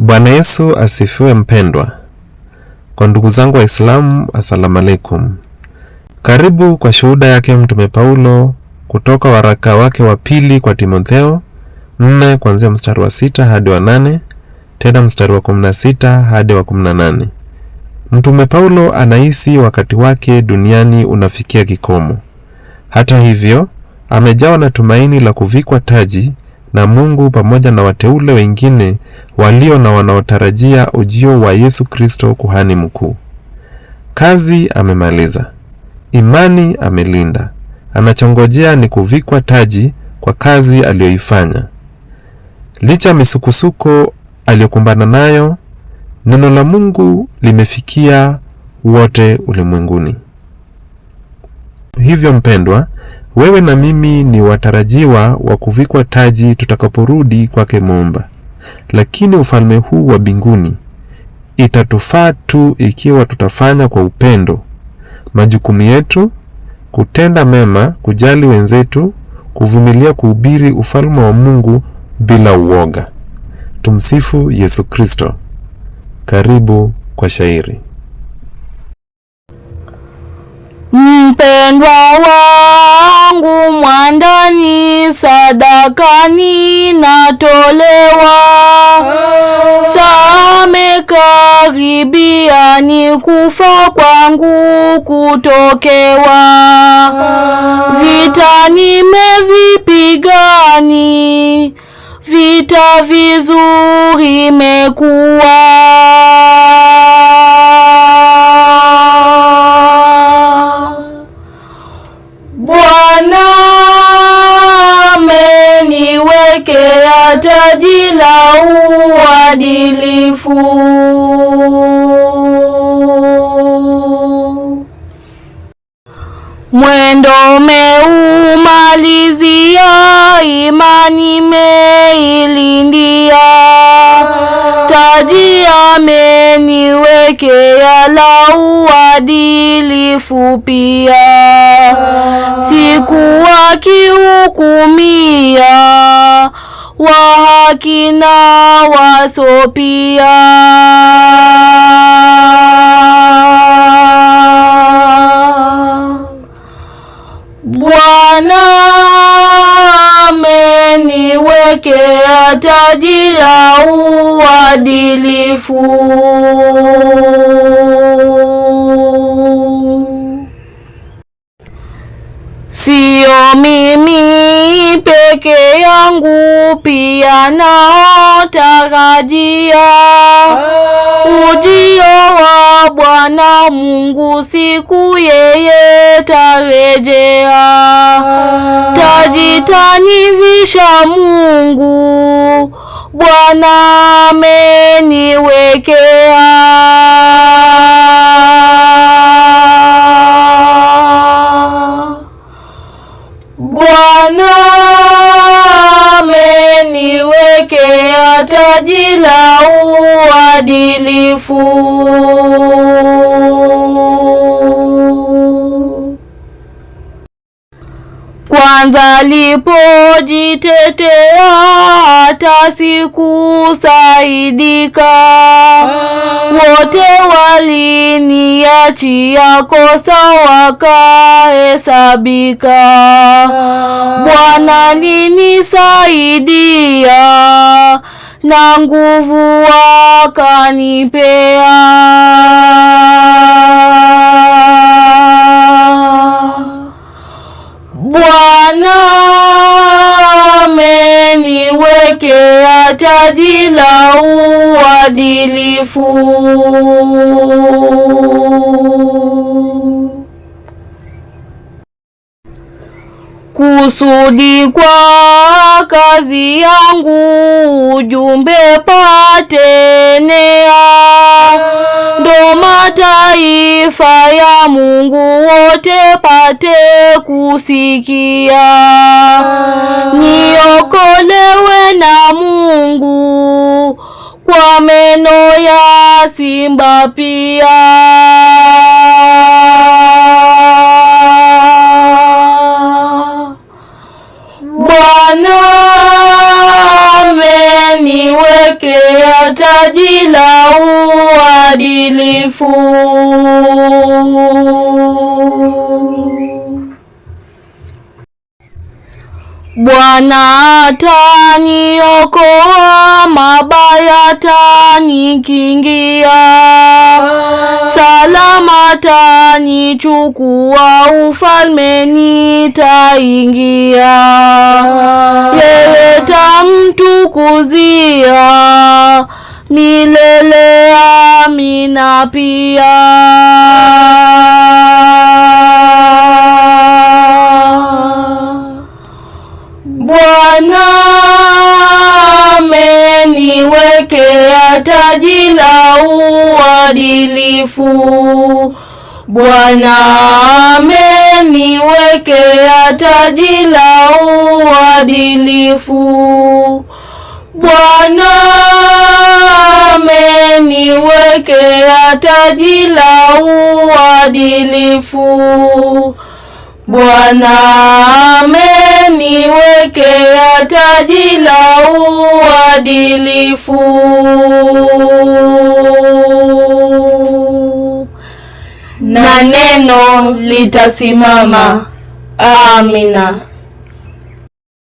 Bwana Yesu asifiwe mpendwa. Kwa ndugu zangu Waislamu, asalamu alaikum. Karibu kwa shuhuda yake Mtume Paulo kutoka waraka wake wa pili kwa Timotheo nne kuanzia mstari wa sita hadi wa nane tena mstari wa kumi na sita hadi wa kumi na nane. Mtume Paulo anahisi wakati wake duniani unafikia kikomo. Hata hivyo, amejawa na tumaini la kuvikwa taji na Mungu pamoja na wateule wengine walio na wanaotarajia ujio wa Yesu Kristo kuhani mkuu. Kazi amemaliza, imani amelinda. Anachongojea ni kuvikwa taji kwa kazi aliyoifanya. Licha ya misukosuko aliyokumbana nayo, neno la Mungu limefikia wote ulimwenguni. Hivyo mpendwa wewe na mimi ni watarajiwa wa kuvikwa taji tutakaporudi kwake Muumba, lakini ufalme huu wa mbinguni itatufaa tu ikiwa tutafanya kwa upendo majukumu yetu, kutenda mema, kujali wenzetu, kuvumilia kuhubiri ufalme wa Mungu bila uoga. Tumsifu Yesu Kristo. Karibu kwa shairi. Mpendwa wangu mwandani, sadakani natolewa, oh. saa ni kufa kwangu kutokewa, oh. vita nimevipigani, vita vizuri mekuwa taji la uadilifu. Mwendo meumalizia, imani meilindia, taji ameniwekea la uadilifu pia, kihukumia wa haki na wasopia. Bwana ameniwekea taji la uadilifu wangu pia tarajia ah. ujio wa Bwana Mungu, siku yeye tarejea. Ah. Tajitanivisha Mungu, Bwana ameniwekea taji la uadilifu. Kwanza alipojitetea hata sikusaidika, wote waliniachia kosa wakahesabika. Bwana ninisaidia na nguvu wakanipea. Bwana ameniwekea taji la uadilifu kusudi kwa kazi yangu ujumbe patenea, ndo mataifa ya Mungu wote pate kusikia, niokolewe na Mungu kwa meno ya simba pia. taji la uadilifu. Bwana ataniokoa, mabaya tanikingia salama tanichukua ufalme nitaingia. Yeye tamtukuzia milele. Amina pia Bwana ameniwekea taji la uadilifu. Bwana ameniwekea taji la uadilifu. Bwana ameniwekea taji la uadilifu. Bwana ameniwekea taji la uadilifu. Na neno litasimama. Amina.